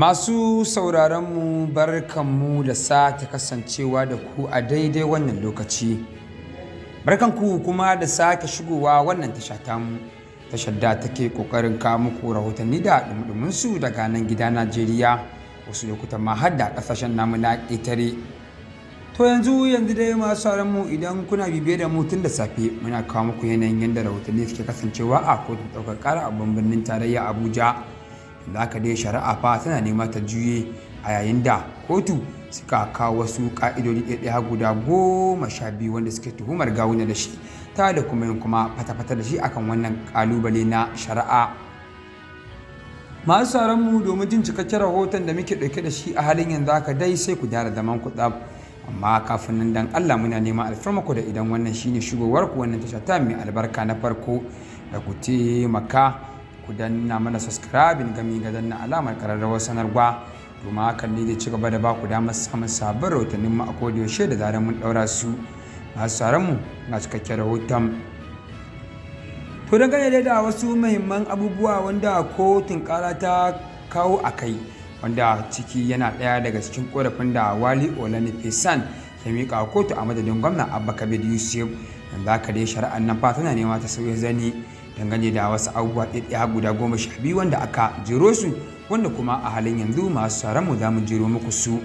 Masu sauraronmu barkanmu da sake kasancewa da ku a daidai wannan lokaci. Barkanku kuma da sake shigowa wannan tasha tamu. Tashar da take ƙoƙarin kawo muku rahotanni da ɗumɗuminsu daga nan gida Najeriya, wasu lokutan ma har da ƙasashen namu na ƙetare. To yanzu yanzu dai masu mu idan kuna biye da mu tun da safe muna kawo muku yanayin yadda rahotanni suke kasancewa a kotun ɗaukar ƙara a birnin tarayya Abuja. da aka dai shari'a fa tana nema ta juye a yayin da kotu suka kawo wasu ka'idodi ɗaya guda goma sha biyu wanda suke tuhumar gawuna da shi ta da kuma yin kuma fata-fata da shi akan wannan kalubale na shari'a masu sauran mu domin jin cikakken rahoton da muke ɗauke da shi a halin yanzu haka dai sai ku gyara zaman ku amma kafin nan dan Allah muna neman alfarmako da idan wannan shine shigowar ku wannan tasha ta mai albarka na farko da ku taimaka ku danna mana ga gami ga danna alamar kararrawar sanarwa domin hakan ne zai ci gaba da ba ku damar samun sabbin rahotannin mu a she da zarar mun daura su masu tsaron mu na cikakken rahoton to dangane da wasu muhimman abubuwa wanda kotun kara ta kawo a kai wanda ciki yana ɗaya daga cikin korafin da wali olani fesan ya miƙa kotu a madadin gwamna abba kabir yusuf yanzu haka dai shari'ar nan fa tana nema ta sauya zani dangane da wasu abubuwa ɗaya guda goma sha biyu wanda aka jero su wanda kuma a halin yanzu masu tsaron mu za mu jero muku su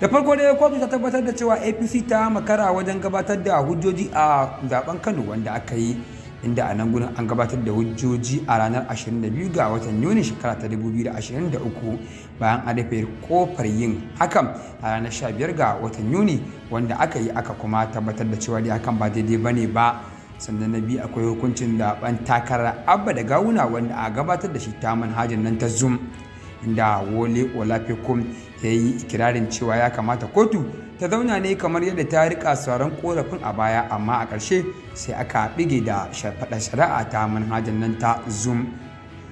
da farko dai kotu ta tabbatar da cewa apc ta makara wajen gabatar da hujjoji a zaben kano wanda aka yi inda a nan gudun an gabatar da hujjoji a ranar 22 ga watan yuni shekara ta 2023 bayan an rufe kofar yin hakan a ranar 15 ga watan yuni wanda aka yi aka kuma tabbatar da cewa dai hakan ba daidai ba ne ba sannan na biyu akwai hukuncin zaben takarar abba da gawuna wanda a gabatar da shi ta manhajar nan ta zoom inda wole olafikun ya yi ikirarin cewa ya kamata kotu ta zauna ne kamar yadda ta rika sauran korafin a baya amma a ƙarshe sai aka bige da faɗa shari'a ta manhajar nan ta zoom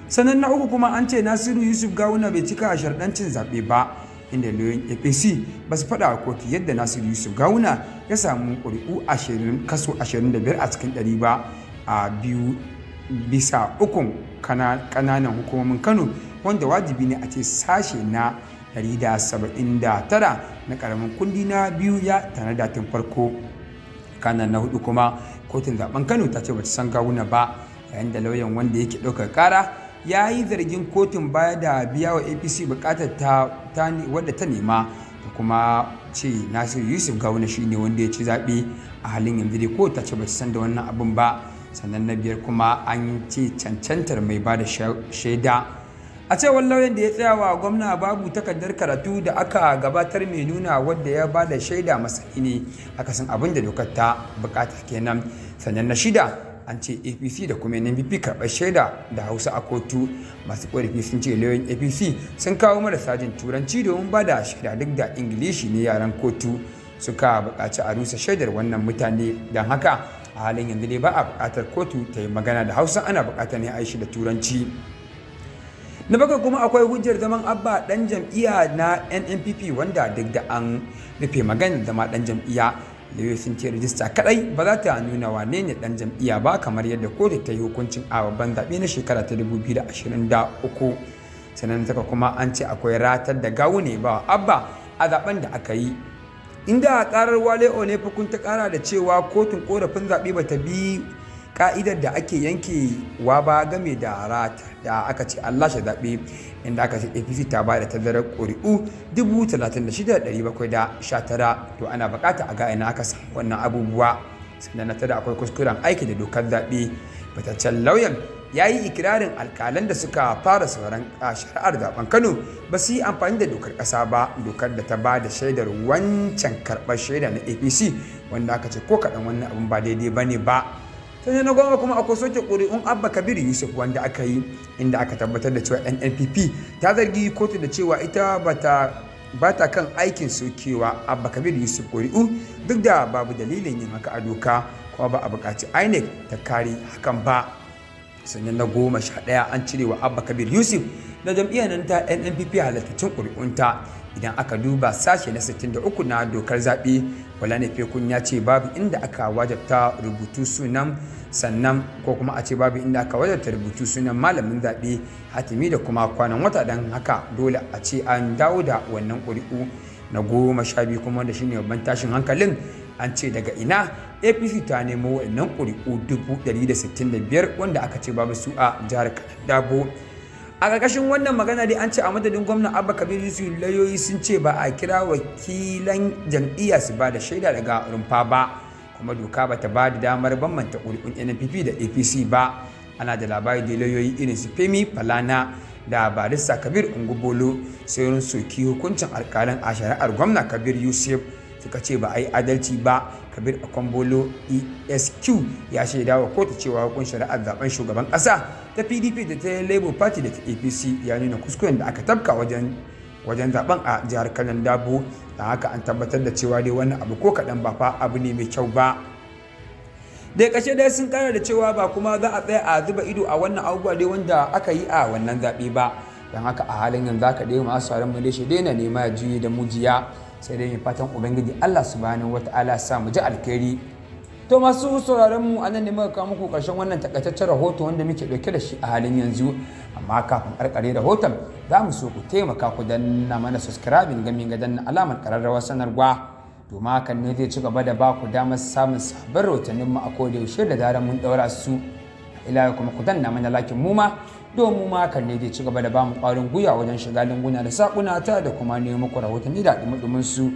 sannan na uku kuma an ce nasiru yusuf gawuna bai cika a sharɗancin zaɓe ba inda lauyoyin apc ba su faɗa a kotu yadda nasiru yusuf gawuna ya samu ƙuri'u kaso 25 a cikin 100 ba a biyu bisa ukun kananan hukumomin kano wanda wajibi ne a ce sashe na 179 na ƙaramin kundi na biyu ya tana tun farko kanan na hudu kuma kotun zaben kano ta ce bata san gawuna ba yayin da lauyan wanda yake ɗaukar ƙara ya yi zargin kotun baya da biya wa apc bukatar ta wadda ta nema ta kuma ce nasiru yusuf gawuna ne wanda ya ci zaɓe a halin yanzu dai ko ta ce ba san da wannan abin ba sannan na biyar kuma an ce cancantar mai ba da shaida a cewar lauyan da ya tsaya wa gwamna babu takardar karatu da aka gabatar mai nuna wadda ya ba da shaida masani ne akasin abin da dokar ta bukatar kenan sannan na shida an ce apc da kuma nnpp karɓar shaida da hausa a kotu masu ƙorafi sun ce lauyoyin apc sun kawo marasa jin turanci domin ba da shaida duk da ingilishi ne yaran kotu suka buƙaci a rusa shaidar wannan mutane don haka a halin yanzu ne ba a buƙatar kotu ta yi magana da hausa ana buƙatar ne aishi da turanci na baka kuma akwai hujjar zaman abba dan jam'iyya na nnpp wanda duk da an rufe magana zama dan jam'iyya lauyoyi sun ce rijista kadai ba za ta nuna wane ne dan jam'iyya ba kamar yadda kotu ta yi hukuncin a babban zaɓe na shekara ta 2023 sannan saka kuma an ce akwai ratar da gawo ne ba abba a zaben da aka yi inda a karar wale ne ta kara da cewa kotun korafin zaɓe ba ta bi ka'idar da ake yanke wa ba game da rata da aka ce Allah shi zaɓe inda aka ce APC ta ba da tazarar ƙuri'u 36,719 to ana buƙatar a ga'ina aka sa wannan abubuwa sannan na tada akwai kuskuren aiki da dokar zaɓe fitaccen lauyan ya yi ikirarin alkalan da suka fara sauran shari'ar zaben kano ba su yi amfani da dokar ƙasa ba dokar da ta ba da shaidar wancan karɓar shaida na apc wanda aka ce ko kaɗan wannan abin ba daidai ba ne ba sai na goma kuma akwai soke ƙuri'un abba kabir yusuf wanda aka yi inda aka tabbatar da cewa nnpp ta zargi kotu da cewa ita ba ta kan aikin sokewa abba kabir yusuf ƙuri'u duk da babu dalilin yin haka a doka kuma ba a buƙaci inec ta kare hakan ba sannan na goma sha ɗaya an cire wa abba kabir yusuf na jam'iyyar nan ta nnpp halattacin ƙuri'unta idan aka duba sashe na 63 na dokar zaɓe ne fekun ya ce babu inda aka wajabta rubutu sunan sannan ko kuma a ce babu inda aka wajabta rubutu sunan malamin zaɓe hatimi da kuma kwanan wata don haka dole a ce an dawo da wannan ƙuri'u na goma sha biyu kuma wanda shine babban tashin hankalin an ce daga ina apc ta nemo wannan ƙuri'u dubu biyar, wanda aka ce babu su a jihar dabo a ƙarƙashin wannan magana dai an ce a madadin gwamnan abba kabiru yusuf layoyi sun ce ba a kira wakilan jam'iyya su ba da shaida daga rumfa ba kuma doka ba ta ba da damar bambanta ƙuri'un npp da apc ba ana da labari da lauyoyi irin su femi falana da barista kabir ungubolo sai soki hukuncin alkalin a shari'ar gwamna kabir yusuf suka ce ba a yi adalci ba kabir kwambolo esq ya shaida wa kotu cewa hukun shari'ar zaben shugaban kasa ta pdp da ta labour party da ta apc ya nuna kuskuren da aka tabka wajen wajen zaben a jihar kanan dabo da haka an tabbatar da cewa dai wannan abu ko kaɗan ba fa abu ne mai kyau ba da ƙashe dai sun kara da cewa ba kuma za a tsaya a zuba ido a wannan abubuwa dai wanda aka yi a wannan zaɓe ba don haka a halin yanzu aka dai masu sauran mu dai shi daina nema juye da mujiya sai dai mai fatan ubangiji Allah subhanahu wata'ala sa mu ji alkhairi to masu sauraron mu anan ne muka kawo muku karshen wannan takaitaccen rahoto wanda muke dauke da shi a halin yanzu amma kafin karkare rahoton za mu so ku taimaka ku danna mana subscribing gamin ga danna alamar kararrawar sanarwa domin hakan ne zai ci gaba da ba ku damar samun sabbin rahotannin mu a koda yaushe da zarar mun daura su ila kuma ku danna mana lakin mu ma domin ma hakan ne zai ci gaba da bamu kwarin gwiwa wajen shiga lunguna da saƙuna ta da kuma neman muku rahotanni da dumudumin su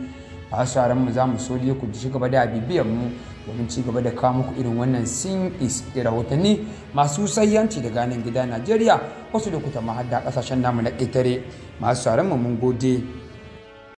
a sauran mu za mu so ku ci gaba da bibiyan mu domin ci gaba da kawo muku irin wannan sin is rahotanni masu sayyanci daga nan gida Najeriya wasu lokutan ma har da kasashen namu na ƙetare masu sauran mu mun gode.